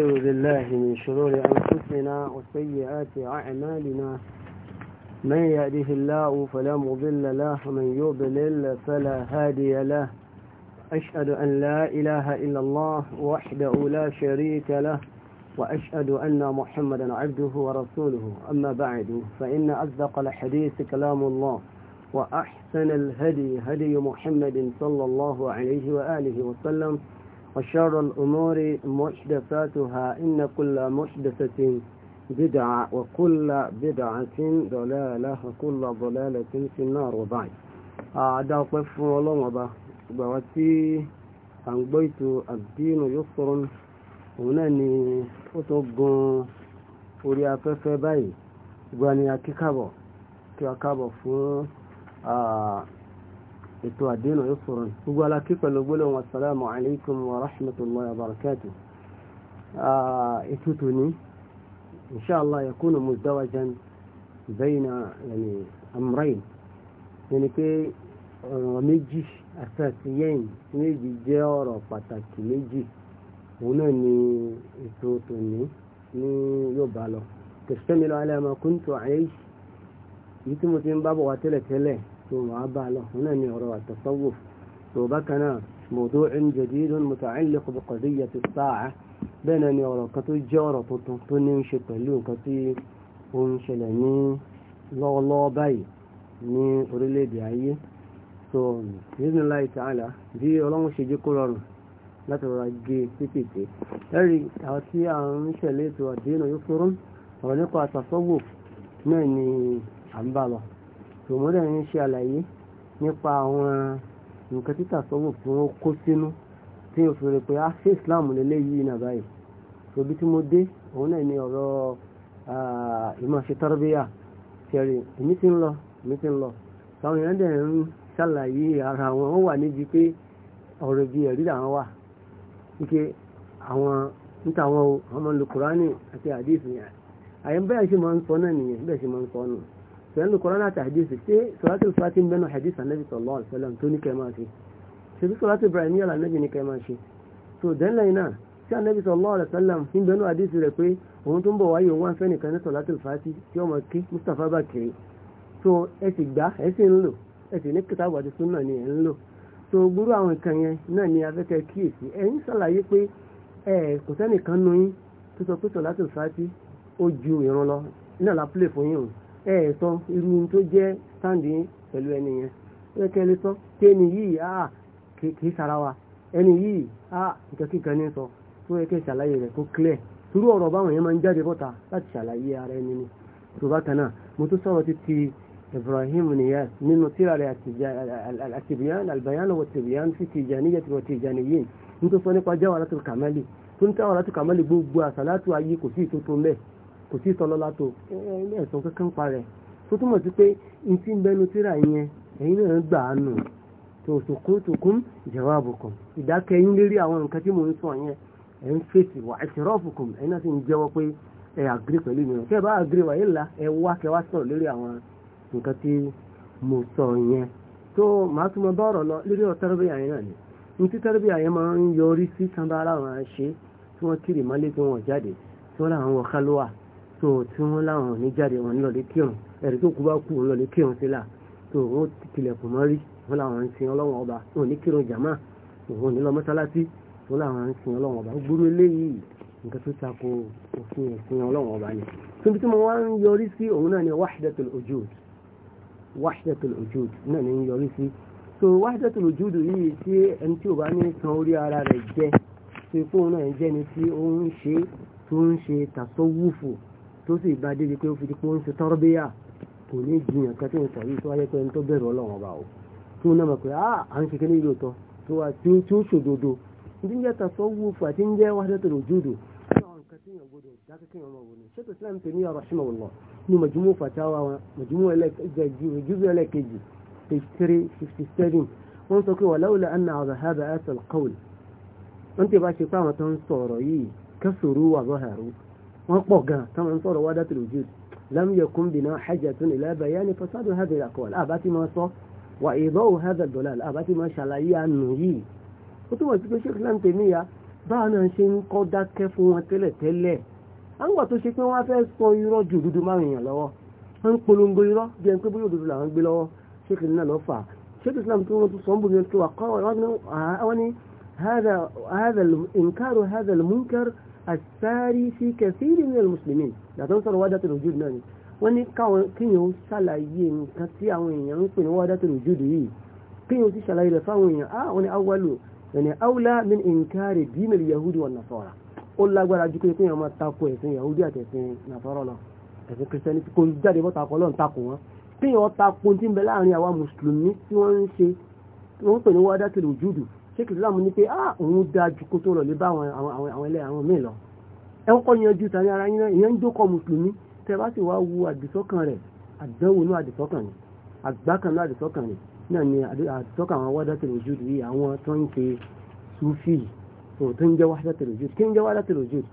أعوذ بالله من شرور أنفسنا وسيئات أعمالنا من يأده الله فلا مضل له ومن يضلل فلا هادي له أشهد أن لا إله إلا الله وحده لا شريك له وأشهد أن محمدا عبده ورسوله أما بعد فإن أصدق الحديث كلام الله وأحسن الهدي هدي محمد صلى الله عليه وآله وسلم وشر الأمور محدثاتها إن كل محدثة بدعة وكل بدعة ضلالة وكل ضلالة في النار وبعد أعداء قف ولغبة بوتي عن بيت الدين يسر هناني أتوقع orí afẹ́fẹ́ báyìí gbani akíkàbọ̀ kí a kábọ̀ ètò àdínà ìfòrò gbogbo alákí pẹ̀lú gbólóhùn assalamu alaikum wa rahmatullahi wa barakatuh ètò tòní inshallah yakunu muzdawajan bayna yani amrayn yani pé ọ̀rọ̀ méjì àtàtìyẹ́yìn méjì jẹ́ ọ̀rọ̀ pàtàkì méjì òun náà ni ètò tòní ní yóò bá lọ tẹ̀sítẹ́mi lọ alẹ́ àmọ́ kúntù àyè yìí tí mo ti ń bá bọ̀ wá tẹ́lẹ̀tẹ́lẹ̀ tó wàá bá a lọ òun موضوع جديد متعلق بقضية الساعة بين نيورك تجارة تنمشي تلوك تي ونشلني لغلا باي ni orílẹ̀-èdè ayé so nínú láì tààlà bí ọlọ́run ṣe jẹ́ kó rọrùn láti rọra gé pípèpé ẹ̀rí àwọn tí a ń ṣẹ̀lẹ̀ ètò àdéhùn yóò fọ́rọ́ ọ̀rọ̀ nípa àtàsọ́wò náà ni à ń bá lọ tòmọ́dà ń ṣe àlàyé nípa àwọn nǹkan títà sọ́wọ́ tí wọ́n kó sínú tí o fi pé ah Islam lélẹ́ yìí nà báyìí tí mo dé òun náà ọ̀rọ̀ ìmọ̀ọ́ṣe tọ́rọ́bíyà èmi ti ń lọ èmi ti ń lọ táwọn èèyàn dẹ̀ ń ṣàlàyé ara wọn ó wà níbi pé ọ̀rọ̀ ibi ẹ̀rí làwọn wà wípé àwọn níta àwọn ọmọ àti bẹ́ẹ̀ ṣe máa ń sọ náà nìyẹn bẹ́ẹ̀ sẹ́nu kọ́rọ́nà àti àdìsí ṣé sọ́láṣí fati ń bẹ́nu àdìsí ànábì sallallahu alaihi wasallam tó ní kẹ́ máa ṣe ṣe bí sọ́láṣí ibrahim yàrá ànábì ní kẹ́ ṣe so dẹ́nlẹ́yìn náà tí ànábì sallallahu alaihi wasallam ń bẹ́nu àdìsí rẹ̀ pé òun tó ń bọ̀ wáyé òun wá ń fẹ́ ní sọ́láṣí fati tí ọmọ kí mustapha bá kiri so ẹ sì gbá ẹ sì ń lò ẹ sì ní kìtàbù àti súnà ni ẹ ń lò so gbúrú àwọn nǹkan yẹn náà ni afẹ́kẹ́ kíyèsí ẹ ń ṣàlàyé pé ẹ kò sẹ́nìkan nu yín tó sọ pé sọ́láṣí fati ó ju ìrun lọ náà la pílè fún yín o ẹ ẹ̀ sọ irú tó jẹ́ sáǹdì pẹ̀lú ẹni yẹn ẹ kẹ́lẹ́ sọ pé ẹni yìí àà ah, ah, kìí sara wa ẹni yìí àà ah, nǹkan kíkan ní sọ tó yẹ kẹ́ ṣàlàyé rẹ̀ kó clear torí ọ̀rọ̀ báwọn yẹn máa ń jáde bọ́ta láti ṣàlàyé ara ẹni ni tó bá kan náà mo tún sọ̀rọ̀ títí Ibrahim Niyas nínú tíra rẹ̀ àtìbíyàn albayan wa tìbíyàn fi tìjàniyà wa tìjàniyìn nítorí sọ nípa jáwàrátù kàmálì tó ń jáwàrátù kàmálì gbogbo àsàlátù ayé kò sí ìtótó mẹ́ẹ̀ kò sí tọ́lọ́lá tó ẹ̀sùn kankan pa rẹ̀ tó túmọ̀ sí pé n ti ń bẹnu tíra yẹn ẹ̀yin náà gbà á nù tó sòkúntòkún jawabukum ìdákẹ́yìn lérí àwọn nǹkan tí mò ń sọ yẹn ẹ̀ ń fèsì wà i'tirafukum ẹ̀yin náà sì ń jẹ́wọ́ pé ẹ̀ àgírí pẹ̀lú mi kẹ́ ẹ bá àgírí wà yìí la ẹ wá kẹ́ wá sọ̀rọ̀ lérí àwọn nǹkan tí mo sọ yẹn tó màá tún mọ bá ọ̀rọ̀ lọ lérí tarbiyya yẹn náà ni n tí tarbiyya yẹn máa ń yọrí sí sanba aláwọn ṣe tí wọ́n kiri mọ́lé tí wọ́n jáde tí wọ́n láwọn wọ kálúwà so tí wọ́n láwọn ní jáde wọn ní lọ́lẹ́ kírun ẹ̀rí tó kú bá kú wọn lọ́lẹ́ kírun sílà so wọ́n tilẹ̀kùn mọ́rí wọ́n láwọn ń sin ọlọ́wọ́n ọba wọn ní kírun jàmá òun ní lọ mọ́sálásí wọ́n láwọn ń sin ọlọ́wọ́n ọba gbúrú eléyìí nǹkan tó tako òfin ẹ̀sìn ọlọ́wọ́n ọba ni tóbi tí mo wá ń yọrí sí òun náà ni wahdatul wujud wahdatul wujud náà ni ń yọrí sí so wahdatul wujud yìí tí ẹni tí ò bá ní san orí ara rẹ̀ jẹ́ tó ikú náà jẹ́ ni tí ó ń ṣe tó ń ṣe tasawufu tó sì bá débi pé ó fi di pé ó ń ṣe tọ́rọ́bíyà kò ní jiyàn kan tí ń sọ yìí tó wáyé pé ń tó bẹ̀rù ọlọ́run ọba o tí wọn náà mọ̀ pé à ń ṣe kíní ìlú tọ́ tó wá tí ó ṣòdodo ní jẹ́ tàṣọ wù fà tí ń jẹ́ wáṣẹ́ tó lòjúdò ṣètò Islam tè ní ọ̀rọ̀ ṣìmọ̀ wọ̀lọ̀ ní mọ̀júmọ́ fàtàwà wọn mọ̀júmọ́ ẹlẹ́kejì fifty seven wọ́n sọ pé wà láwùlà anna ọ̀rọ̀ hábà ẹ̀sẹ̀ kọ́wùl wọ́n ti bá ṣe wọ́n pọ̀ gan táwọn ń sọ̀rọ̀ wádá tìlú jù lam yakun bina hajjatun ila bayani fasadu hadhihi al-aqwal àbátí máa sọ wà ida'u hadha ad-dalal àbátí máa ṣàlàyé àánú yìí ó túnbọ̀ sí pé sheikh islam tèmíya báwa náà ṣe ń kọ́ dákẹ́ fún wọn tẹ́lẹ̀ tẹ́lẹ̀ àwọn tó ṣe pé wọ́n fẹ́ sọ irọ́ ju dúdú márùn èèyàn lọ́wọ́ wọ́n ń polongo irọ́ هذا هذا إنكار هذا المنكر àsáárí sí kẹfìrí ní mùsùlùmí yàtọ̀ ń sọ̀rọ̀ wahdatul wujud náà ni wọ́n ní káwọn kíyàn ó ṣàlàyé nǹkan tí àwọn èèyàn ń pè ní wahdatul wujud yìí kíyàn ó sì ṣàlàyé rẹ̀ fáwọn èèyàn á ah, wọn ni awwalu yani awla min inkari dinil yahudi wan nasara ó lágbára ju pé kíyàn máa takò ẹ̀sìn yahudi àti ẹ̀sìn nasara lọ ẹ̀sìn kristiani kò jáde bọ́ta kọ́ lọ́n takò wọn kíyàn ó takò tí ń bẹ láàrin àwa mùsùlùmí tí wọ́n ń ṣe wọ́n pè ní wahdatul wujud sheikh islam ní pé ah òun da ju kó tó lọ lé bá àwọn ẹlẹ́ àwọn míì lọ ẹ kọ́kọ́ yanjú tani ara yín náà ìyẹn ń jókòó mùsùlùmí tẹ bá sì wá wu àdìsọ́kàn rẹ̀ àdánwò náà àdìsọ́kàn ni àgbákan náà àdìsọ́kàn ni náà ni àdìsọ́kàn àwọn wahdatul wujud yìí àwọn tó ń ṣe sufi tó ń jẹ́ wahdatul wujud kí ń jẹ́ wahdatul wujud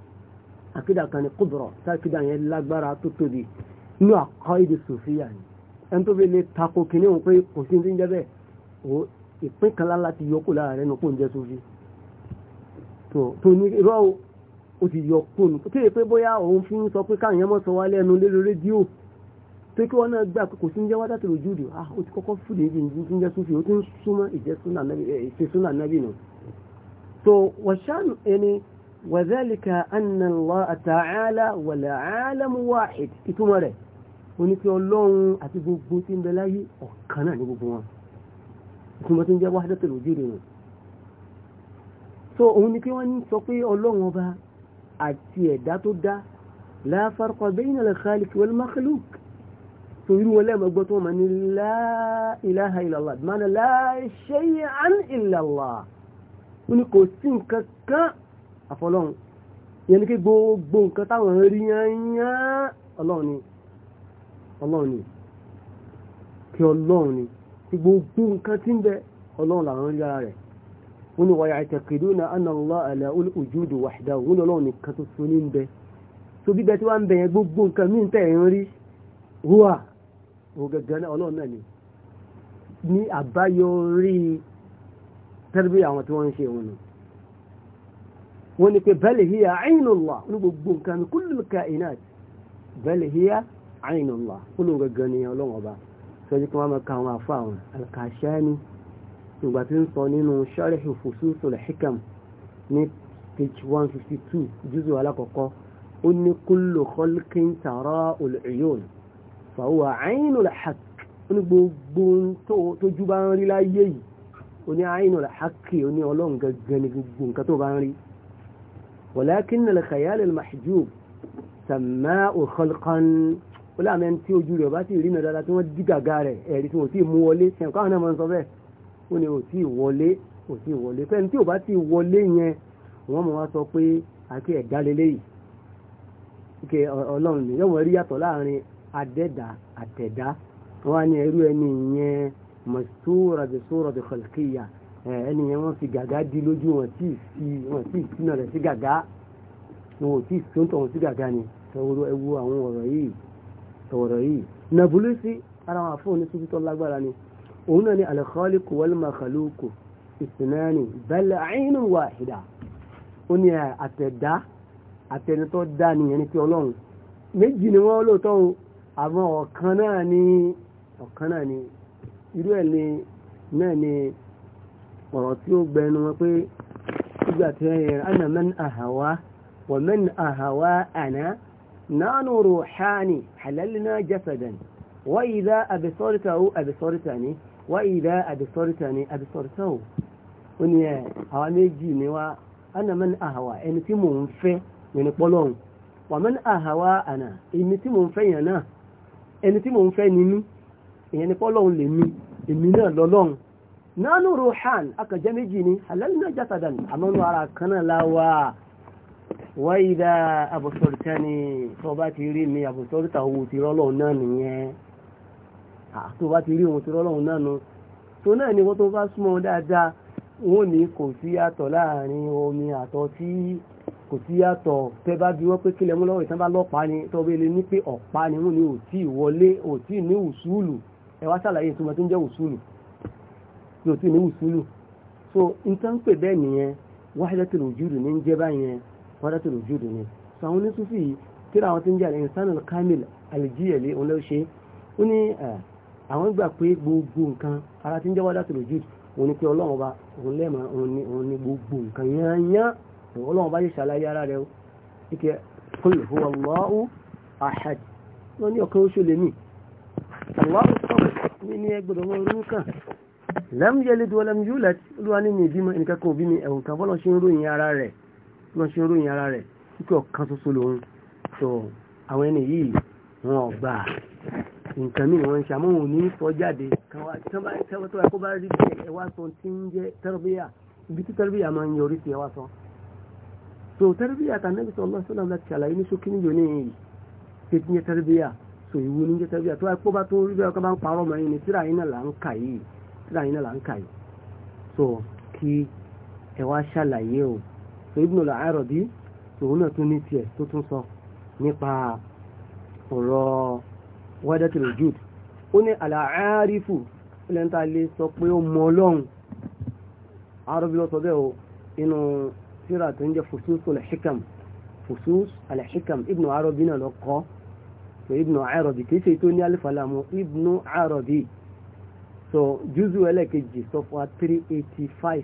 àkídà kan ni kúbọ̀rọ̀ táàkídà yẹn ìpín kan láti yọkù lára rẹ̀ nùkú oúnjẹ sófi tó ní irọ́ o ti yọkù nù tí èpé bóyá òun fi ń sọ pé káwọn mọ́ sọ wá lẹ́nu lórí rédíò tó kí wọ́n náà gbà pé kò sí jẹ́ wádà tó lójú ti kọ́kọ́ fúdì ní ibi ń jẹ́ sófi ó ti ń súnmọ́ eh, ìṣe kúmọ̀ tó ń jẹ́ wahdatul wujud wọn. so òun ni kí wọ́n sọ pé ọlọ́run ọba àti ẹ̀dá tó dá la farqa bayna al-khaliq wal makhluq tó irú wọn lẹ́ẹ̀mọ́ gbọ́ tó wọ́n máa ní la ilaha illallah máa ní la shay'an illallah ó ní kò sí nǹkan kan àfọlọ́run yẹn ni kí gbogbo nǹkan táwọn rí yányán ọlọ́run ni ọlọ́run ni kí ọlọ́run ni gbogbo nǹkan tí ń bẹ ọlọ́run làwọn rí ara rẹ̀ wọ́n ni wàyà àtẹ̀kìdó na anàlá àlà olùjúdò wàhídà wọ́n lọ́wọ́ nìkan tó so ní ń bẹ tó bíbẹ̀ tí wọ́n ń bẹ yẹn gbogbo nǹkan mí tẹ̀ ń rí wúwà gẹ́gẹ́ ọlọ́run náà ni ní àbáyọrí tẹ́lifí àwọn tí wọ́n ń ṣe wọn nù wọ́n ni pé bal hiya aynullah ní gbogbo nǹkan mi kúlù sọ́jú kí wọ́n máa ka àwọn àfa àwọn alkashani ìgbà tí ń sọ nínú sharh fususul hikam ní page one fifty two juz'u alákọ̀ọ́kọ́ ó ní kullu khalqin tara'ul uyun fa huwa aynul haqq ó ní gbogbo tójú bá ń rí láyé yìí ó ní aynul ó láàmẹ́ tí ojú rẹ̀ bá sì rí náà dáadáa tí wọ́n dí gàgà rẹ̀ ẹ̀rí tí wọ́n sì mú wọlé ṣe nǹkan náà máa ń sọ bẹ́ẹ̀ ó ní ò tí wọlé ò tí wọlé fẹ́ni tí ò bá ti wọlé yẹn wọ́n mọ̀ wá sọ pé àti ẹ̀dá lélẹ́yìí ike ọlọ́run ni yọ̀wọ̀n rí yàtọ̀ láàrin adẹ́dà àtẹ̀dá wọn ni irú ẹni yẹn mọ̀súrọ̀dì sórọ̀dì kọ̀lùkìyà ẹni yẹn wọ́n fi gàgá di lójú wọn tí fi wọn tí fi náà rẹ̀ sí gàgá tọ̀rọ̀ yìí Nàbùlúsí ara wọn àfọ́ oníṣubú tó lágbára ni òun náà ni al-khaliqu wal-makhluqu ithnani bal 'aynun wahida ó ní àtẹ̀dá àtẹnitọ́ dá nìyẹn ní pé ọlọ́run méjì ni wọ́n lóòótọ́ o àmọ́ ọ̀kan náà ni ọ̀kan náà ni irú ẹ̀ ni náà ni ọ̀rọ̀ tí ó gbẹnu wọn pé nígbà tí wọ́n yẹn ana man ahawa wa man ahawa ana nánú ruhani halalina jasadan wa idha absortahu absortani wa idha absortani absortahu ó ní ẹ̀ àwọn méjì ni wá ana man ahawa ẹni tí mò ń fẹ́ yẹn pọ́lọ́hùn wà man ahawa àná èmi tí mò ń fẹ́ yẹn náà ẹni tí mò ń fẹ́ ni mí ìyẹn pọ́lọ́hùn lè mí èmi náà ruhan akàjẹ́ méjì ni halalina jasadan àmọ́nú ara kan náà wáyídá abọ̀sọ̀rìtà ni tó bá ti rí mi abọ̀sọ̀rìtà owó ti rọ́lọ́hun náà nìyẹn tó bá ti rí òun ti rọ́lọ́hun náà nu tó náà ni wọ́n tó bá súnmọ́ dáadáa wọ́n ní kò sí omi àtọ̀ tí kò sí yàtọ̀ tẹ́ bá bí wọ́n pé kílẹ̀ mú lọ́wọ́ ìtàn bá lọ́pàá ni tó ni wọ́n ní ò tí ì ní ùsùlù ẹ wá sàlàyé ìtumọ̀ tó ń jẹ́ ùsùlù ní so nǹkan pè bẹ́ẹ̀ nìyẹn ní ń wadatul wujud ni sàwọn onísúfì tíra àwọn tí ń jẹ́ al-insan al-kamil al-jiyali òun ló ṣe ó ní àwọn gbà pé gbogbo nǹkan ara tí ń jẹ́ wadatul wujud òun ni pé ọlọ́run ọba òun gbogbo nǹkan yányán ọlọ́run ọba yìí ṣàlàyé ara rẹ̀ ike qul huwa Allahu ahad wọ́n ní ọ̀kan oṣù lèmi Allahu samad ní ní ẹgbẹ̀rún ọmọ orú kan lam yalid wa lam yulad olúwa ní mi ìbímọ ẹnìkan kan òbí mi ẹ̀wùn kan bọ́lọ̀ ṣe ń ròyìn ara rẹ̀ wọ́n ṣe ròyìn ara rẹ̀ wípé ọ̀kan ṣoṣo lòun tó àwọn ẹni yìí wọn ò gbà nǹkan mìíràn wọn ń ṣe àmọ́ òun ní sọ jáde káwọn tẹ́rọ̀bíyà tí tẹ́rọ̀bíyà so tẹ́rọ̀bíyà ta nẹ́bí sọ ọlọ́sọ náà láti ṣàlàyé ní ṣókí níjọ ní so ìwo ní jẹ́ tẹ́rọ̀bíyà tó wà kó bá tó rí bí ọkọ bá ń parọ́ mọ́ so kí ẹ wá so Ibn al-Arabi tòun náà tún ní tiẹ̀ tó tún sọ nípa ọ̀rọ̀ wadatul wujud ó ní al-aarifu lẹ́ńtà lè sọ pé ó mọ ọlọ́run Arabi lọ sọ bẹ́ẹ̀ o inú síra tó ń jẹ́ Fusus so Ibn Arabi 385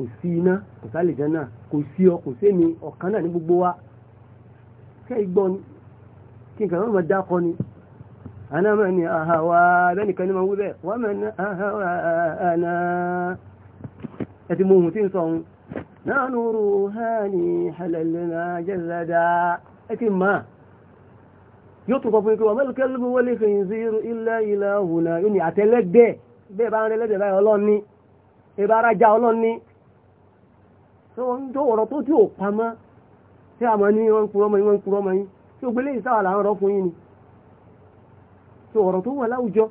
kò sí iná kò sálè jẹ́nà kò sí ọ kò sẹ́mi ọ̀kan náà ní gbogbo wa kẹ́ igbọ́ ni kí nǹkan máa dákọ ni àná máa ní àhàwà abẹ́nìkan ní máa wú bẹ́ẹ̀ wọ́n máa ní àhàwà àná ẹ ti mọ ohun tí náà nù rú hání halalina jẹ́zada ẹ ti yóò tún kọ fún ikú wa mẹ́lùkẹ́ lóbi wọlé khinziru illa ilahuna yóò ní àtẹlẹ́gbẹ́ bẹ́ẹ̀ bá ń rẹ lẹ́gbẹ̀ẹ́ báyọ̀ ọlọ́ni ìbára já tó ń jó ọ̀rọ̀ tó tí ò pamọ́ tí a mọ̀ ní wọ́n ń kúrọ́ mọ́ yín wọ́n ń kúrọ́ mọ́ yín tí o gbélé ìsáwà là ń fún yín ni tó ọ̀rọ̀ tó wà láwùjọ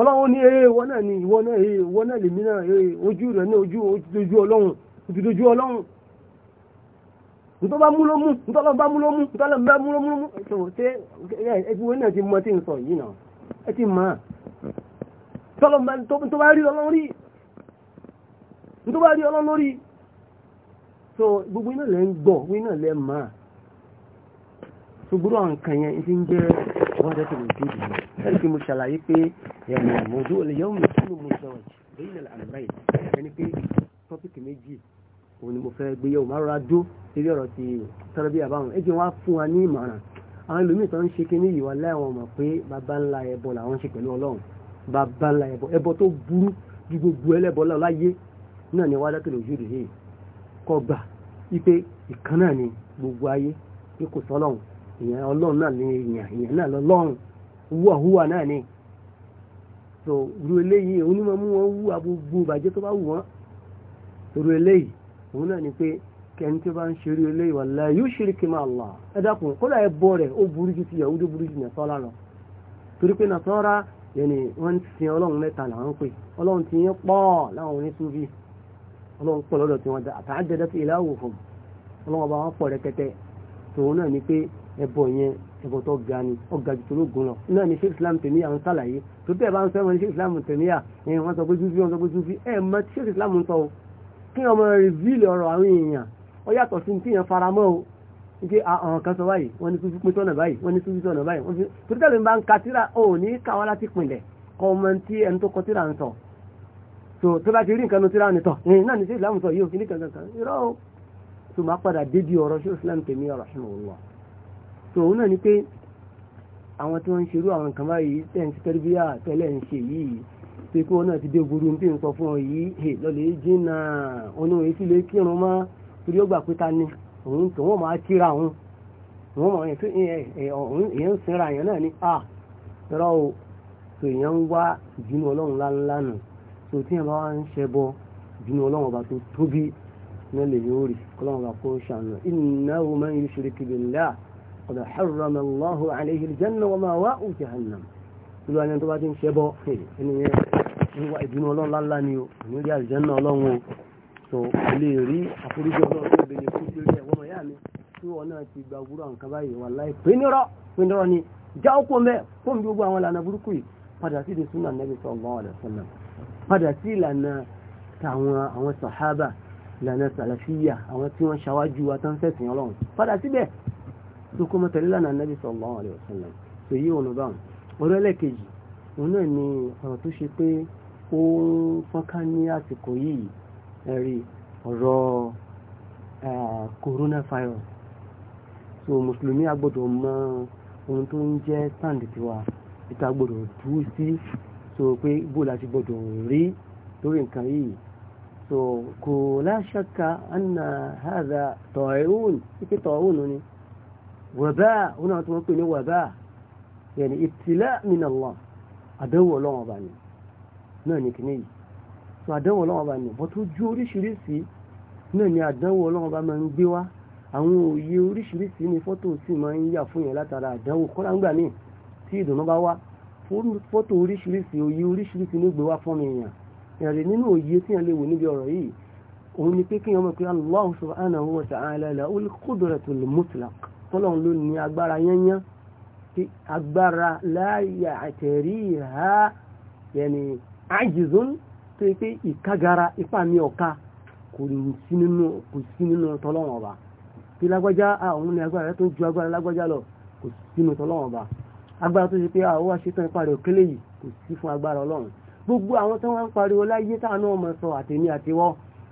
ọlọ́run ní ee ìwọ náà ni ìwọ náà ee ìwọ náà lèmi náà ee ojú rẹ̀ ní ojú ojú ọlọ́run ojú ojú ọlọ́run ntọ́ bá mú ló mú ntọ́ lọ bá mú ló mú ntọ́ lọ tó bá rí ọlọ́run lórí so gbogbo iná lẹ́ ń gbọ́ gbogbo iná lẹ́ máa ṣùgbọ́n àwọn nǹkan yẹn ti ń jẹ́ wọ́n tẹ́tẹ̀ lè dúdú ẹni pé mo ṣàlàyé pé ẹ̀mọ̀ mọ̀dó olè yẹ́wò mi kí ló mo sọ lẹ́yìn náà àmì ráì ẹni pé tọ́pìkì méjì òun ni mo fẹ́ gbé yẹ̀wò máa rọra dó lórí ọ̀rọ̀ ti tọ́rọ bí àbáwọn ẹjẹ́ wọn á fún wa ní ìmọ̀ràn àwọn ẹlòmíì tó ń ṣe kí ní ìwà láwọn mọ̀ pé bàbá ńlá ẹbọ làwọn ṣe pẹ̀lú ọlọ́run bàbá ńlá ẹbọ ẹbọ tó burú ju gbogbo ẹlẹ́bọ láyé náà ni wálé tó lè jù lè kọ́ gbà wípé ìkan náà ni gbogbo ayé pé kò sọ́lọ́run ìyẹn ọlọ́run náà ni èèyàn ìyẹn náà lọ́lọ́run wúwà húwà náà ni so ru eléyìí òun ni mo mú wọn wú gbogbo ìbàjẹ́ tó bá wù wọ́n ru eléyìí òun náà ni pé kẹni tí bá ń ṣe ru eléyìí wallahi yushriku ma Allah ẹ dákun bọ́ ti sin làwọn pè ọlọ́run pọ̀ lọ́dọ̀ tí wọ́n da àtàjẹ́dẹ́ sí ilé àwòfò ọlọ́run ọba wọn pọ̀ rẹpẹtẹ tòun náà ni pé ẹbọ yẹn ẹbọ tó ga ni ọ̀gá jù tó ló gun lọ náà ni sheikh islam tèmíyà ń sàlàyé tó tẹ́ ẹ bá ń sẹ́wọ̀n sheikh islam tèmíyà ẹ wọ́n sọ pé júfí wọ́n sọ pé júfí ẹ mọ sheikh islam ń sọ o kí ọmọ rìvíìlì ọ̀rọ̀ àwọn èèyàn ó yàtọ̀ sí ní tíyẹn faramọ́ o ike ah, àwọn kan sọ báyìí wọ́n ní sufi pín tọ̀nà báyìí wọ́n ní sufi tọ̀nà báyìí wọ́n fi torí tẹ́lẹ̀ ń bá ń ka tíra ò ní káwọn láti pinlẹ̀ kọ́ ọmọ tí ẹni tó kọ ń sọ so tó bá ti rí nǹkan tíra nìtọ̀ ẹ̀yìn náà ní sí ìlàmù sọ yóò kí kankan irọ́ o tó máa padà débi ọ̀rọ̀ ṣé islam tèmi ọ̀rọ̀ ṣe wò so òun náà ni pé àwọn tí wọ́n ń ṣerú àwọn nǹkan báyìí tẹ̀ ń tẹ́rí bíyà tẹ́lẹ̀ ń ṣe yìí pé kí wọ́n náà ti dé gburu bí fún ọ yìí hè lọ́lẹ̀ jìnnà òun ò ah, o so tí yẹn bá wá ń ṣẹbọ bínú ọlọ́run ọba tó tóbi náà lè yóò rí ọlọ́run ọba kó ṣàánú innahu man yushrik billah qad harrama Allahu alayhi al-janna wa ma'wahu jahannam ìlú àyàn tó bá ti ń ṣẹbọ ẹni yẹn wíwá ìbínú ọlọ́run láńlá ni o ní orí àlùjánnà ọlọ́run o so lè rí àforíjì ọlọ́run tó bẹ̀rẹ̀ fún sí orí yá mi tí wọn náà ti gba wúrọ̀ padà sí ìlànà tàwọn àwọn sàhábà ìlànà sàlàfíyà àwọn tí wọ́n ṣáwájú atánṣẹ́sìn ọlọ́run padà síbẹ̀ tó kọ́ mọ́tẹ̀lé lánàá nàbí sallallahu alaihi wasallam tó yí òun bá ọ̀rọ̀ ẹlẹ́kejì òun náà ni ọ̀rọ̀ tó ṣe pé ó ń fọ́nká ní àsìkò yìí ẹ̀rí ọ̀rọ̀ coronavirus so mùsùlùmí agbọ́dọ̀ mọ ohun tó ń jẹ́ stand tiwa ìta gbọ́dọ̀ dúró sí so pé bó la ti gbọdọ̀ rí lórí nǹkan yìí so kò láṣàkà anna haza tọ̀ọ̀hún ike tọ̀ọ̀hún ni wàbá òun náà tó wọ́n pè ní wàbá yẹn ìtìlá min Allah àdánwò ọlọ́wọ́n ọba ni náà ní kìíní yìí so àdánwò ọlọ́wọ́n ọba ni bọ́ tó ju oríṣiríṣi náà ni àdánwò ọlọ́wọ́n ọba máa ń gbé wá àwọn òye oríṣiríṣi ni fọ́tò sì máa ń yà fún yẹn látara àdánwò kọ́lá ń gbà míì tí ìdùnnú bá wá fọ́tò oríṣiríṣi òye oríṣiríṣi ló gbé wá fún mi èèyàn ìrìn nínú òye tí yẹn lè wò níbi ọ̀rọ̀ yìí òun ni pé kí wọ́n pé Allah subhanahu wa ta'ala lahu al-qudratul mutlaq tọ́lọ́run ló ní agbára yányán tí agbára la ya'tariha yẹni ajizun tó yẹ pé ìkágara ipá mi ọ̀ka kò sí nínú tọ́lọ́run ọba tí lágbájá àwọn ní agbára tó ju agbára lágbájá lọ kò sí nínú agbára tó ṣe pé àwọn ah, wá ṣetán ìparí òkèlè yìí kò sí fún agbára ọlọ́run gbogbo àwọn tó wá ń pariwo láyé táwọn náà mọ̀ sọ àtẹ̀mí àtiwọ́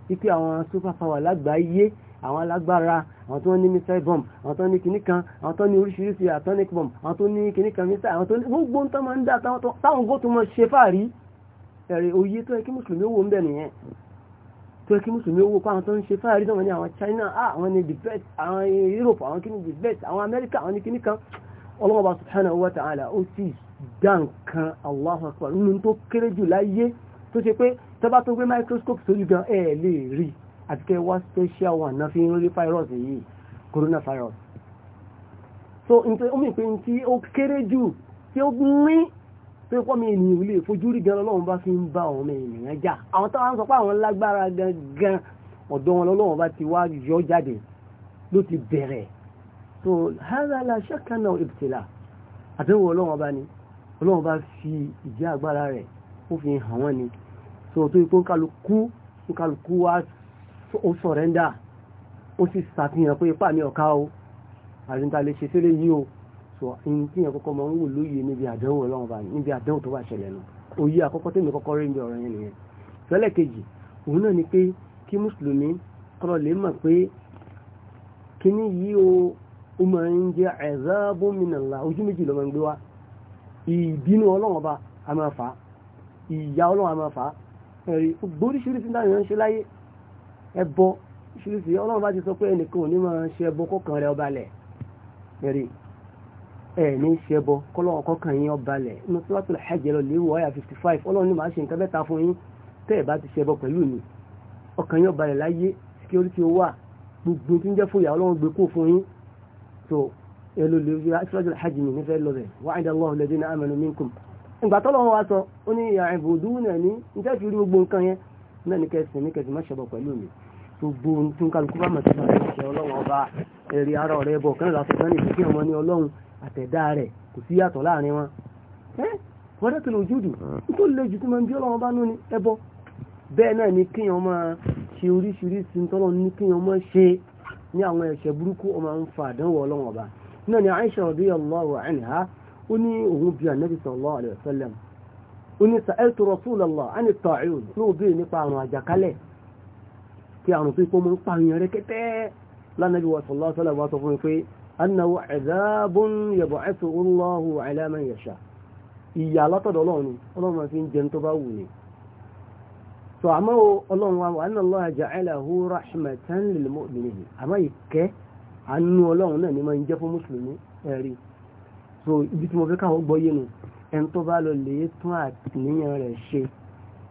wípé àwọn super power lágbàáyé àwọn alágbára àwọn tó ní missile bomb àwọn tó ní kinní kan àwọn tó ní oríṣiríṣi atomic bomb àwọn tó ní kinní kan missile àwọn tó ní gbogbo tó máa ń dá táwọn gbó tó máa ṣe fàárí ẹ̀rẹ̀ òye tó yẹ kí mùsùlùmí owó ń bẹ̀ nìyẹn tó yẹ kí mùsùlùmí owó pa àwọn tó ń ṣe fàárí náà wọ́n ní àwọn China ah, àwọn ní the best àwọn Europe àwọn kinní the best àwọn America àwọn ní kinní kan ọlọ́wọ́ba subhanahu wa ta'ala ó sì dá nǹkan Allahu akbar nínú tó kéré jù láyé tó ṣe pé tọ́ba tó gbé microscope sórí gan ẹ̀ lè rí àti kẹ́ wá special one náà fi ń rí virus yìí coronavirus so ó mì pé tí ó kéré jù tí ó ní pé pọ́mi ènìyàn lè fojú rí gan lọ́wọ́n bá fi ń bá àwọn ọmọ ènìyàn jà àwọn táwọn sọ pé àwọn lágbára gangan ọ̀dọ̀ wọn lọ́wọ́n bá ti wá yọ jáde ló ti bẹ̀rẹ̀ so hádà la ṣàkànnà ìbìtìlà àdéhùn ọlọ́run ọba ni ọlọ́run ọba fi ìjẹ́ agbára rẹ̀ ó fi hàn wọ́n ni so tó ikú kálukú kálukú wá ó sọ̀rẹ́ndà ó sì ṣàfihàn pé ipá mi ọ̀ká o àríntà lè ṣe sílé yìí o so ẹni tí yẹn kọ́kọ́ máa ń wò lóye níbi àdéhùn ọlọ́run ọba níbi àdéhùn tó bá ṣẹlẹ̀ nù òye àkọ́kọ́ tẹ́mi kọ́kọ́ rí níbi ọ̀rọ̀ yẹn nìyẹn fẹ́lẹ̀ kejì òun náà ni pé kí mùsùlùmí kọ́rọ̀ lè mọ̀ pé kíní yìí o ó máa ń jẹ́ azabun ojú méjì ló máa ń ìbínú ọlọ́run a máa fà á ìyá ọlọ́run a máa fà á ẹ̀rí gbóríṣiríṣi náà yẹn ń ṣe láyé ẹbọ ṣiríṣi ọlọ́run ti sọ pé ẹnìkan ò máa ṣe ẹbọ kọkàn rẹ ọba lẹ̀ ẹ̀rí ẹ̀ ṣe ẹbọ kọlọ́run kọkàn yín ọba lẹ̀ inú suratul hajj lọ léwu ọ̀yà fifty five ọlọ́run ní màá ṣe nǹkan so èlò lè fi aṣọ́jú hajj mi nífẹ̀ẹ́ lọ bẹ̀ wa'ada Allahu alladhina amanu minkum ìgbà tó lọ́wọ́ wa sọ ó ní ìyá ìbòdú náà ní níta fi rí gbogbo nǹkan yẹn náà ní kẹsì ní kẹsì má ṣẹbọ pẹ̀lú mi gbogbo tí n kálukú bá mọ̀ sí máa ṣe ọlọ́run ọba ẹ̀rí ara ọ̀rẹ́ bọ̀ kẹ́rin lásán náà nìkan kí ọmọ ní ọlọ́run àtẹ̀dá rẹ̀ kò sí ní àwọn ẹ̀ṣẹ̀ burúkú ó máa ń fa àdánwò ọlọ́wọ́n ọba náà ni Aisha radiyallahu anha ó ní òun bí anabi sallallahu alayhi wa sallam ó ní sa'altu rasulallah ani ta'ud ní òbí nípa àrùn àjàkálẹ̀ kí àrùn tó kó mọ́ ń pààyàn rẹ́kẹ́tẹ́ lánàbí wa sallallahu alayhi wa sọ fún mi pé so àmọ́ ọlọ́run wa wàhánà lọ́wọ́ àjà ẹ̀lẹ́hu rahmatan lil mu'minin àmọ́ ìkẹ́ àánú ọlọ́run náà ni máa ń jẹ́ fún mùsùlùmí ẹ̀rí so ibi tí mo fẹ́ káwọn gbọ́ yé nu ẹn tó bá lọ lè tún àníyàn rẹ̀ ṣe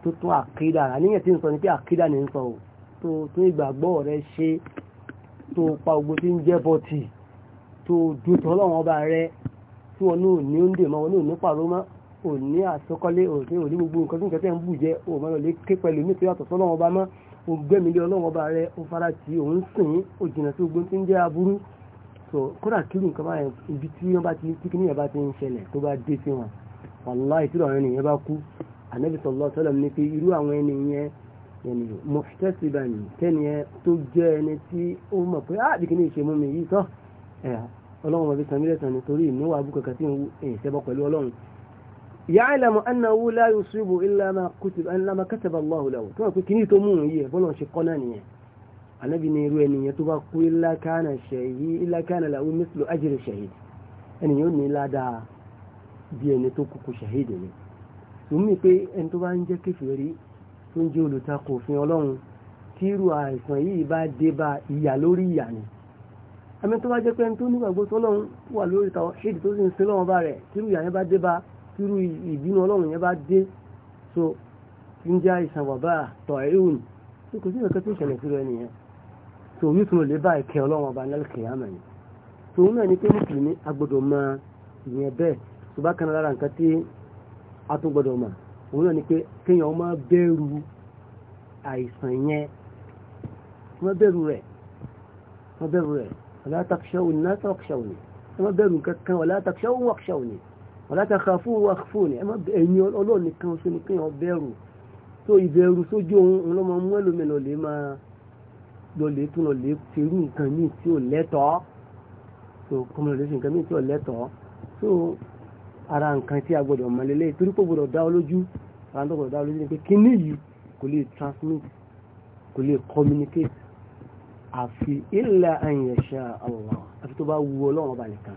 tó tún àkídà àníyàn tí ń sọ ni pé àkídà ni ń sọ o tó tún ìgbàgbọ́ rẹ̀ ṣe tó pa ogbó tí ń jẹ́ bọ́tì tó dùtọ́ ọlọ́run ọba rẹ̀ tí wọn náà ní ó ń dè mọ́ wọn náà ní pàrọ́ mọ́ ò ní àsọkọ́lé ò ní òní gbogbo nǹkan tí nǹkan tẹ́ ń bù jẹ́ ò máa lọ lè ké pẹ̀lú mi tó yàtọ̀ sọ́lọ́wọ́n ọba mọ́ ò gbẹ́mi lé ọlọ́wọ́n ọba rẹ ò fara tì ò ń sìn ò jìnà sí gbogbo tí ń jẹ́ aburú tó kódà kí nǹkan bá yẹn ibi tí wọ́n bá ti tí kìnìyàn bá ti ń ṣẹlẹ̀ tó bá dé sí wọn wàláì tí àwọn ènìyàn bá kú ànábì sallallahu alaihi ní pé irú àwọn ẹni yẹn ẹni muhtasiban kẹ́ni ah, ọlọ́run ọ̀bí sanmi lẹ́sàn-án nítorí ìníwà abúkọ̀kẹ́ tí ń ṣẹbọ pẹ̀lú ọlọ́run ya'lamu annahu la yusibu illa ma kutiba illa ma kataba Allahu lahu tó wà pé kìíní tó mú un yìí bọ́lọ̀ ṣe kọ́ náà nìyẹn anábì ní irú ẹnìyẹn tó bá kú illa kana shahid illa kana lahu mithlu ajri shahid ẹnìyẹn ò ní ládàá bí ẹni tó kúkú shahid ni tùmí pé ẹni tó bá ń jẹ́ kèfèrí tó ń jẹ́ olùtakò òfin ọlọ́run tí irú àìsàn yìí bá dé bá ìyà lórí ìyà ni àmì tó bá jẹ́ pé ẹni tó nígbàgbọ́ tọ́lọ́run wà lórí tàwọn ṣéèdì tó sì ń sin lọ́wọ́ bá rẹ̀ tí irú ìyà yẹn bá dé bá tírú ìbínú ọlọ́run yẹn bá dé so tí ń jẹ́ ìṣàwọ̀bá tọ̀ ẹ̀hún tí kò sí ìrẹ̀kẹ́ tó ṣẹlẹ̀ sí rẹ̀ nìyẹn so yóò tún lè bá ìkẹ́ ọlọ́run ọba lẹ́lẹ́kẹ̀ẹ́ àmà ni so òun náà ní pé mùsùlùmí agbọ́dọ̀ mọ ìyẹn bẹ́ẹ̀ tó bá kan lára nǹkan tí a tún gbọ́dọ̀ mọ̀ òun náà ní pé kéèyàn má bẹ̀rù àìsàn yẹn má bẹ̀rù rẹ̀ má bẹ̀rù rẹ̀ wala takshawni la takshawni má bẹ̀rù kankan wala takshawni wakshawni wala takhafuhu wa akhfuni ẹ̀yìn ọlọ́run nìkan ṣe ni kéèyàn bẹ̀rù tó ìbẹ̀rù sójú òun ló máa mú ẹlòmínà lè máa lọlé tún lọlé tẹ̀rù nǹkan míì tí ò lẹ́tọ̀ọ́ tó kọ́mọ lọlé nǹkan míì tí ò lẹ́tọ̀ọ́ tó ara nǹkan tí a gbọ́dọ̀ mọ lélẹ̀ torí pé gbọ́dọ̀ dá ọ lójú ara tó gbọ́dọ̀ dá ọ ni pé kíní yìí kò lè transmit kò lè communicate àfi illa an yasha àfi tó bá wu ọlọ́run ọba nìkan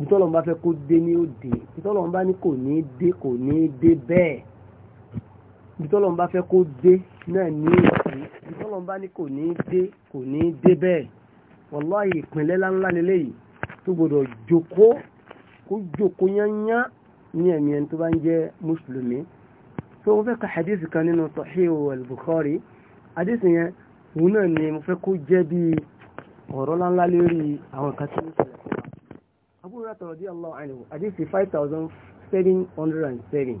ìtọ́lọ́mbà fẹ́ kó dé ní ó dé ìtọ́lọ́mbà ní kò ní dé kò ní dé bẹ́ẹ̀ ìtọ́lọ́mbà fẹ́ kó dé náà ní èsì ìtọ́lọ́mbà ní kò ní dé kò ní dé bẹ́ẹ̀ wàláhì ìpínlẹ̀ ńláńlá lélẹ́yìí tó gbọdọ̀ jòkó kó jòkó yányá ní ẹ̀mí ẹni tó bá ń jẹ́ mùsùlùmí tó wọ́n fẹ́ ka hadith kan nínú Sahih al-Bukhari hadith yẹn òun náà ni mo fẹ́ kó jẹ́ bí ọ̀rọ̀ ńláńlá lórí àwọn kan tí ó hurairah radiyallahu anhu àdìsí five thousand seven hundred and seven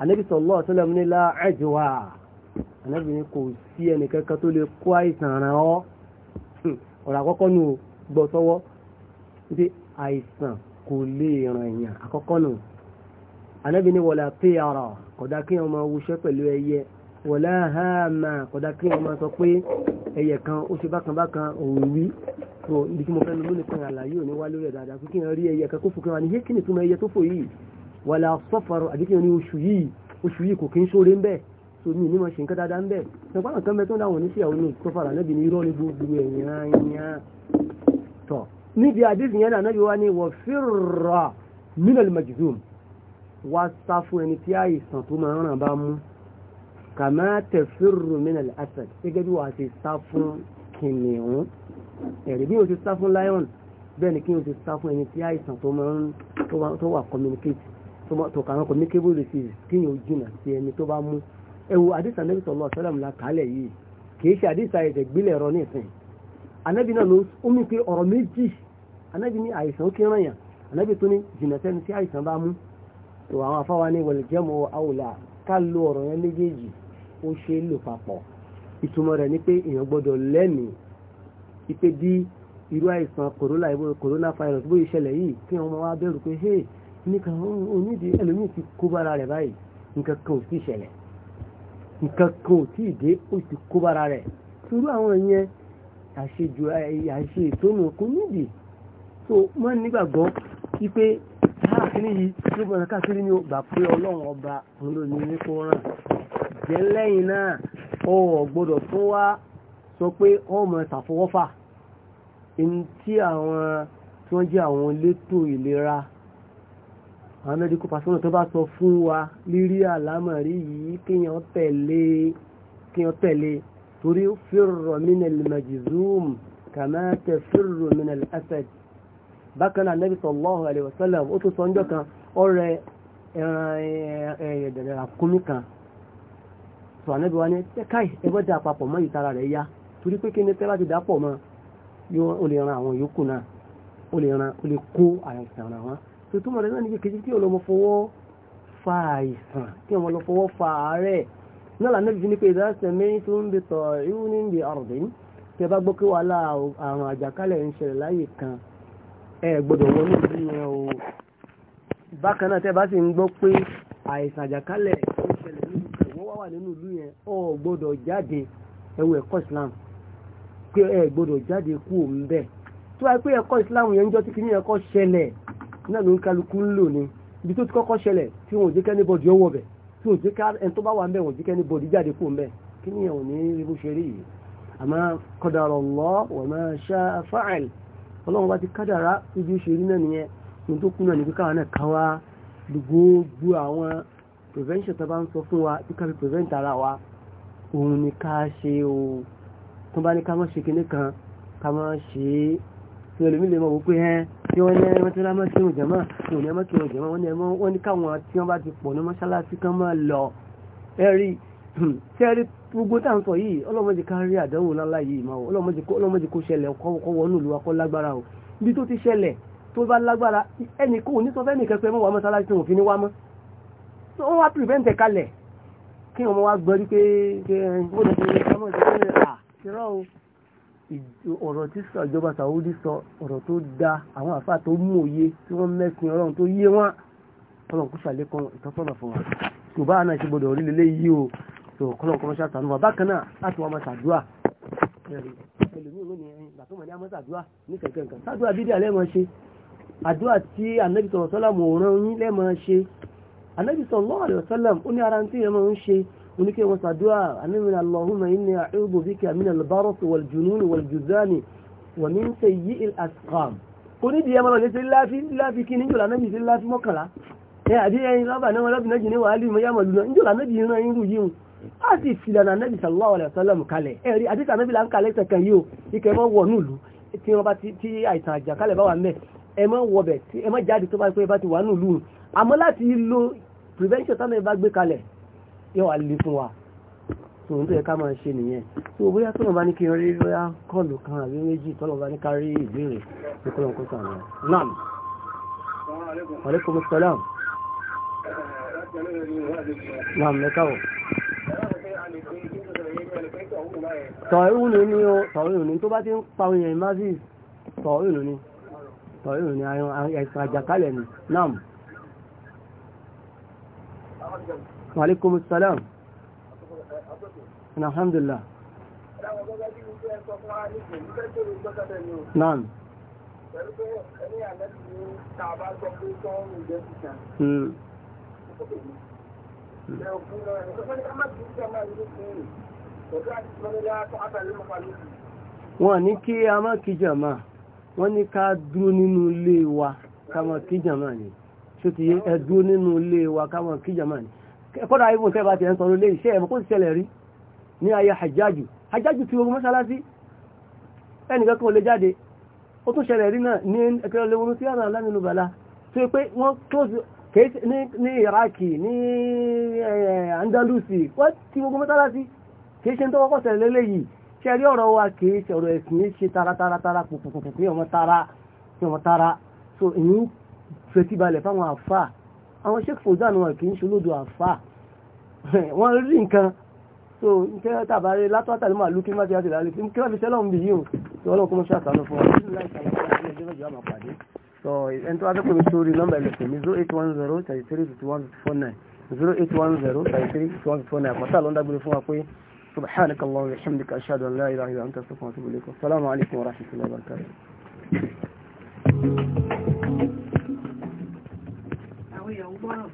anabi sallallahu alaihi wasallam ní la ajwa anabi ní kò sí ẹnìkankan tó lè kó àìsàn ràn hmm. wala ẹyẹ wala ẹyẹ kan tó ibi tí mo fẹ́ lónìí kan àlàyé òní wá lórí ẹ̀ dáadáa pé kí n rí ẹyẹ kẹ́kọ́ fún kí wọn ní ni nìtúmọ̀ ẹyẹ tó fò yìí wà lá sọ́fàrọ̀ àbí kí wọn ní oṣù yìí oṣù yìí kò kí ń ṣóore ń bẹ̀ tó ní ìnímọ̀ ṣe nǹkan dáadáa ń bẹ̀ ṣùgbọ́n àwọn kan bẹ tó ń dáwọn oníṣẹ́yàwó ní sọ́fàrọ̀ ànábì ní irọ́ ní gbogbo ẹ̀yàn tọ̀ níbi àdéhùn gẹ́gẹ́ bí wàá ṣe sá fún kìnìún ẹ̀rí bí o ti sá fún lion bẹ́ẹ̀ ni kí o ti sá fún ẹni tí àìsàn tó máa ń tó wà communicate tó kàwọn communicable disease kí yóò jìnà sí ẹni tó bá mú ẹwù àdìsá nẹ́bí sọ̀lọ́ ọ̀sẹ́lẹ̀mù la kàálẹ̀ yìí kìí ṣe àdìsá ẹ̀jẹ̀ gbílẹ̀ ẹ̀rọ nìsín anábì náà ló ó mi pé ọ̀rọ̀ méjì anábì ní àìsàn ó kí ràn yàn anábì tó ní jìnà sẹ́ni tí àìsàn bá mú tó àwọn afáwa ní wọlé jẹ́mu àwòlà ká lo ọ̀rọ̀ yẹn méjèèjì ó ṣe é lò papọ̀ ìtumọ̀ rẹ̀ ni pé èèyàn gbọ́dọ̀ lẹ́mìí ipe bí irú àìsàn corona corona virus bó ìṣẹ̀lẹ̀ yìí kí wọ́n wá bẹ̀rù pé hey nìkan onídìí ẹlòmíì ti kó bára rẹ̀ báyìí nǹkan kan ò sí ìṣẹ̀lẹ̀ nǹkan kan ò tí ì dé ó ti kó bára rẹ̀ irú àwọn yẹn àṣejù àṣe ìtónú kò nídìí so wọ́n nígbàgbọ́ wípé káàkiri yìí ló bọ̀dọ̀ káàkiri ni ó gbà pé ọlọ́run ọba òun ló ní ní kó ràn jẹ́ lẹ́yìn náà ó gbọ́dọ̀ fún wa sọ pé wọ́n mọ̀ ṣàfọwọ́fà ẹni tí àwọn tí wọ́n jẹ́ àwọn elétò ìlera àwọn medical personnel tó bá sọ fún wa lírí àlámọ̀rí yìí kíyàn tẹ̀lé kíyàn tẹ̀lé torí fírrọ̀ minel majizum kàmáàtẹ̀ fírrọ̀ minel asad bákan náà nabi sallallahu alaihi wasallam ó tó sọ ọjọ́ kan ọrẹ ẹ̀rẹ̀dẹ̀rẹ̀ àkúmí kan sọ ànábi wa ní tẹ́káì ẹgbẹ́dẹ̀ àpapọ̀ mọ́ ìtara rẹ̀ yá torí pé kí ni tẹ́ láti dápọ̀ mọ́ o lè ran àwọn yòókù náà o lè ran o lè kó àìsàn ara wọn tó túmọ̀ rẹ̀ náà ní kékeré kí ọlọ́mọ fọwọ́ fa àìsàn kí ọmọ lọ fọwọ́ fa àárẹ̀ náà lànà bìbí ni pé ìdásẹ̀ mẹ́rin tó ń bitọ̀ irú ní ibi ọ̀rọ̀dẹ́yìn tẹ́ bá gbọ́ pé wàhálà àrùn àjàkálẹ̀ ń ṣẹlẹ̀ láyè kan ẹ gbọ́dọ̀ wọnú ìlú yẹn Islam pé ẹ gbọ́dọ̀ jáde kú òun bẹ́ẹ̀ tó wáyé pé ẹ̀kọ́ islam yẹn ń jọ tí kìíní ẹ̀kọ́ ṣẹlẹ̀ náà ló ń kálukú ń lò ní ibi tó ti kọ́kọ́ ṣẹlẹ̀ tí wọn ò jẹ́ kẹ́ni bọ́dì ọwọ́ bẹ̀ tí wọn ò jẹ́ ká ẹni tó bá wà ń bẹ̀ wọn ò jẹ́ kẹ́ni bọ́dì jáde kú òun bẹ́ẹ̀ kìíní ẹ̀ ò ní rí bó ṣe rí yìí àmọ́ kọ́dàrọ̀ lọ́ wọ́n máa ṣá fáìl ọlọ́run bá ti kádàrá ibi ṣe rí náà nìyẹn ohun tó kú náà ní kíkà wọn náà ká wá gbogbo àwọn prevention tó bá ń sọ fún wa kíkà fi prevent ara tó bá ní ká má ṣe kinní kan ká má ṣe é tí olùmí lè mọ̀ wò pé ẹ́n tí wọ́n ní ẹmọ́ tí wọ́n máa kírun jẹ̀mọ́ tí òní ẹmọ́ kírun jẹ̀mọ́ wọ́n ní ẹmọ́ wọ́n ní káwọn tí wọ́n bá ti pọ̀ ní mọ́ṣáláṣí kan máa lọ ẹ̀rí tí ẹ̀rí gbogbo tá à ń sọ yìí ọlọ́mọdé ká rí àdánwò ńlá yìí mọ́ ọlọ́mọdé kó ṣẹlẹ̀ kọ́ wọnú ìlú wa kọ́ lágbára o ibi tó ti ṣẹlẹ̀ tó bá lágbára ẹnì kò ní sọ fẹ́ẹ́nì kẹfẹ́ mọ́ kírọ́ o ọ̀rọ̀ tí ìjọba Saudi sọ ọ̀rọ̀ tó da àwọn àfáà tó mú òye tí wọ́n mẹ́sìn ọlọ́run tó yé wọn ọlọ́run kó ṣàlékún ìtọ́sọ́nà fún wa tó bá àná ṣe gbọdọ̀ orí lélẹ́ yìí o tó kọ́lọ̀ kọ́mọ́ ṣàtàánú wa bákan náà láti wọ́n máa ṣàdúrà ẹlòmíì ló ní ẹyin ìgbà tó mọ̀ ní àmọ́ ṣàdúrà ní kẹ̀kẹ́ nǹkan ṣàdúrà bídíà lẹ́ẹ̀mọ́ ṣe àdúrà tí anabi sọ̀rọ̀ sọ́lá mọ̀ òun rán yín lẹ́ẹ̀mọ́ ṣe anabi sọ̀rọ̀ lọ́wọ́ àlẹ́ sọ́lá ó oníkẹ́ wọn sàdúrà anáwìn allahumma inni a'udhu bika min al-baras wal-junun wal-juzani wa min sayyi'il asqam onídìí ẹmọ ní sí láfi kí ní jùlọ anábì sí láfi mọ́kànlá ẹ àbí ẹyin lọ́bà náà lọ́bì náà jì ní wàhálì mọ́ yàmọ̀ lùnà níjọ́ anábì ìran irú yìí a sì fìlànà anábì sallallahu alaihi wasallam kalẹ̀ ẹ rí àti anábì là ń kalẹ̀ tẹ̀kẹ̀ yìí o ikẹ̀ mọ́ wọ̀ nílùú tí wọ́n bá ti àìsàn àjàkálẹ̀ bá wà mẹ́ ẹ mọ́ wọbẹ̀ ẹ mọ́ jáde tó bá pé bá ti wà nílùú àmọ́ láti lo prevention táwọn ẹ bá gbé kalẹ̀ yóò wá lè fún wa tó ń tó yẹ ká máa ṣe nìyẹn tó bóyá tó lọ́n bá ní kí n rí bóyá kọ́ọ̀lù kan àbí méjì tó bá ní ká rí ìbéèrè ní kó kó sàn lọ. nam aleykum salaam nam ẹ káwọ. tọ̀hún ni o tọ̀hún ni tó bá ti ń pa òun yẹn má sí tọ̀hún ni tọ̀hún ni àjàkálẹ̀ ni nam. Wa alaikum salam. Alhamdulillah. Naam. نعم hmm. pé Wọ́n ní kí a má kí jàmá. Wọ́n ní ká dúró nínú ilé wa ká kí jàmá ni. Ṣé ti ẹ dúró nínú ilé wa ká kí jàmá ni kọ́dà ibùn tẹ́ bá ti ń sọ̀rọ̀ lé iṣẹ́ ẹ̀mọ́ kó ṣẹlẹ̀ rí ní ayé hajjájú hajjájú ti ogun mọ́ṣáláṣí ẹnìkan kan lè jáde ó tún ṣẹlẹ̀ rí náà ní ẹkẹrẹ lewonu tí yàrá alámìnú bàlá tó yẹ pé wọ́n close case ní iraki ní andalusi wọ́n ti ogun mọ́ṣáláṣí kìí ṣe ń tọ́wọ́ kọ́sẹ̀ lélẹ́yìí ṣe rí ọ̀rọ̀ wa kìí ṣe ọ̀rọ̀ ẹ̀sìn yìí ṣe taratara àwọn sheik wọn kì í àfà wọn rí nǹkan so nkẹ́ tàbárí látọ́tà ní màálù kí máti láti lálẹ́ kí wọ́n fi sẹ́lọ̀ ń yíò tí wọ́n lọ́kọ́ mọ́ṣẹ́ àtàlọ́ fún wọn so ẹni tó wá fẹ́ pè mí sórí nọ́mbà ẹlẹ́sìn mi zero eight one zero thirty three fifty one four nine zero eight one zero thirty three fifty one four nine àpọ̀tà ló ń dágbére subhanaka Allahu wa bihamdika ashhadu an la alaikum wa rahmatullahi